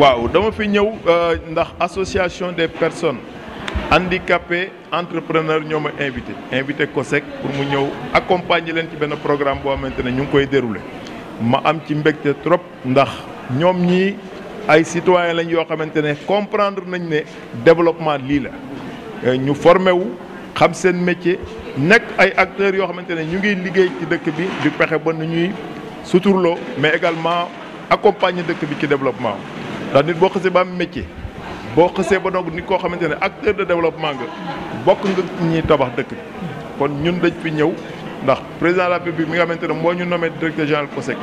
waaw dama fi ñëw euh, ndax association des personnes handicapées entrepreneurs nous ma invité invité COSEC pour mu accompagner dans ci programme boo xamante ne ñu koy déroulé ma am ci mbégte trop ndax ñoom ñii ay citoyens lañ yoo xamante ne comprendre nañ développement lii la euh, ñu formé wu xam seen métier nekk ay acteurs yoo xamante ne ñu ngi liggéey ci dëkk bi di pexe ba nu ñuy mais également accompagner dëkk bi ci développement ndax nit bo xasee ba am métier bo xasee ba dog nit ko xamantene acteur de développement nga bokk nga ñi tabax dëkk kon ñun dañ fi ñëw ndax président de la République mi nga xamantene ne moo ñu nommé directeur général COSEC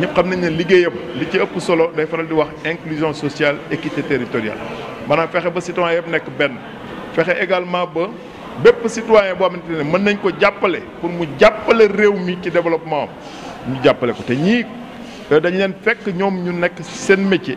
ñep xam nañ ne liggéeyam li ci ëpp solo day faral di wax inclusion sociale équité territoriale maanaam fexé ba citoyen yëpp nekk ben fexé également ba bépp citoyen bo xamantene ne mën nañ ko jappalé pour mu jappalé réew mi ci développement am ñu jàppale ko té ñi dañ leen fekk ñoom ñu nekk seen métier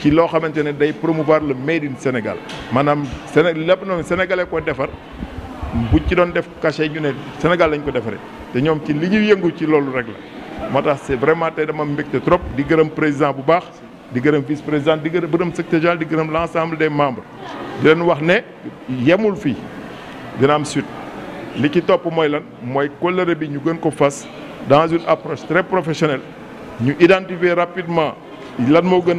Qui loo xamante ne day promouvoir le made in Sénégal maanaam Séné lépp est quoi ko defar bu ci de def cachet ñu ne Sénégal lañ ko defaree te ñoom ci li ñuy yëngu ci loolu rek la. c'est vraiment tey dama mbégte trop di gërëm président bu baax di vice président di gërëm secrétaire général di l'ensemble des membres di nous, wax né, yemul fii dina am suite li ci topp mooy lan mooy kóllëre bi ñu gën ko fas dans une approche très professionnelle ñu identifier rapidement lan moo gën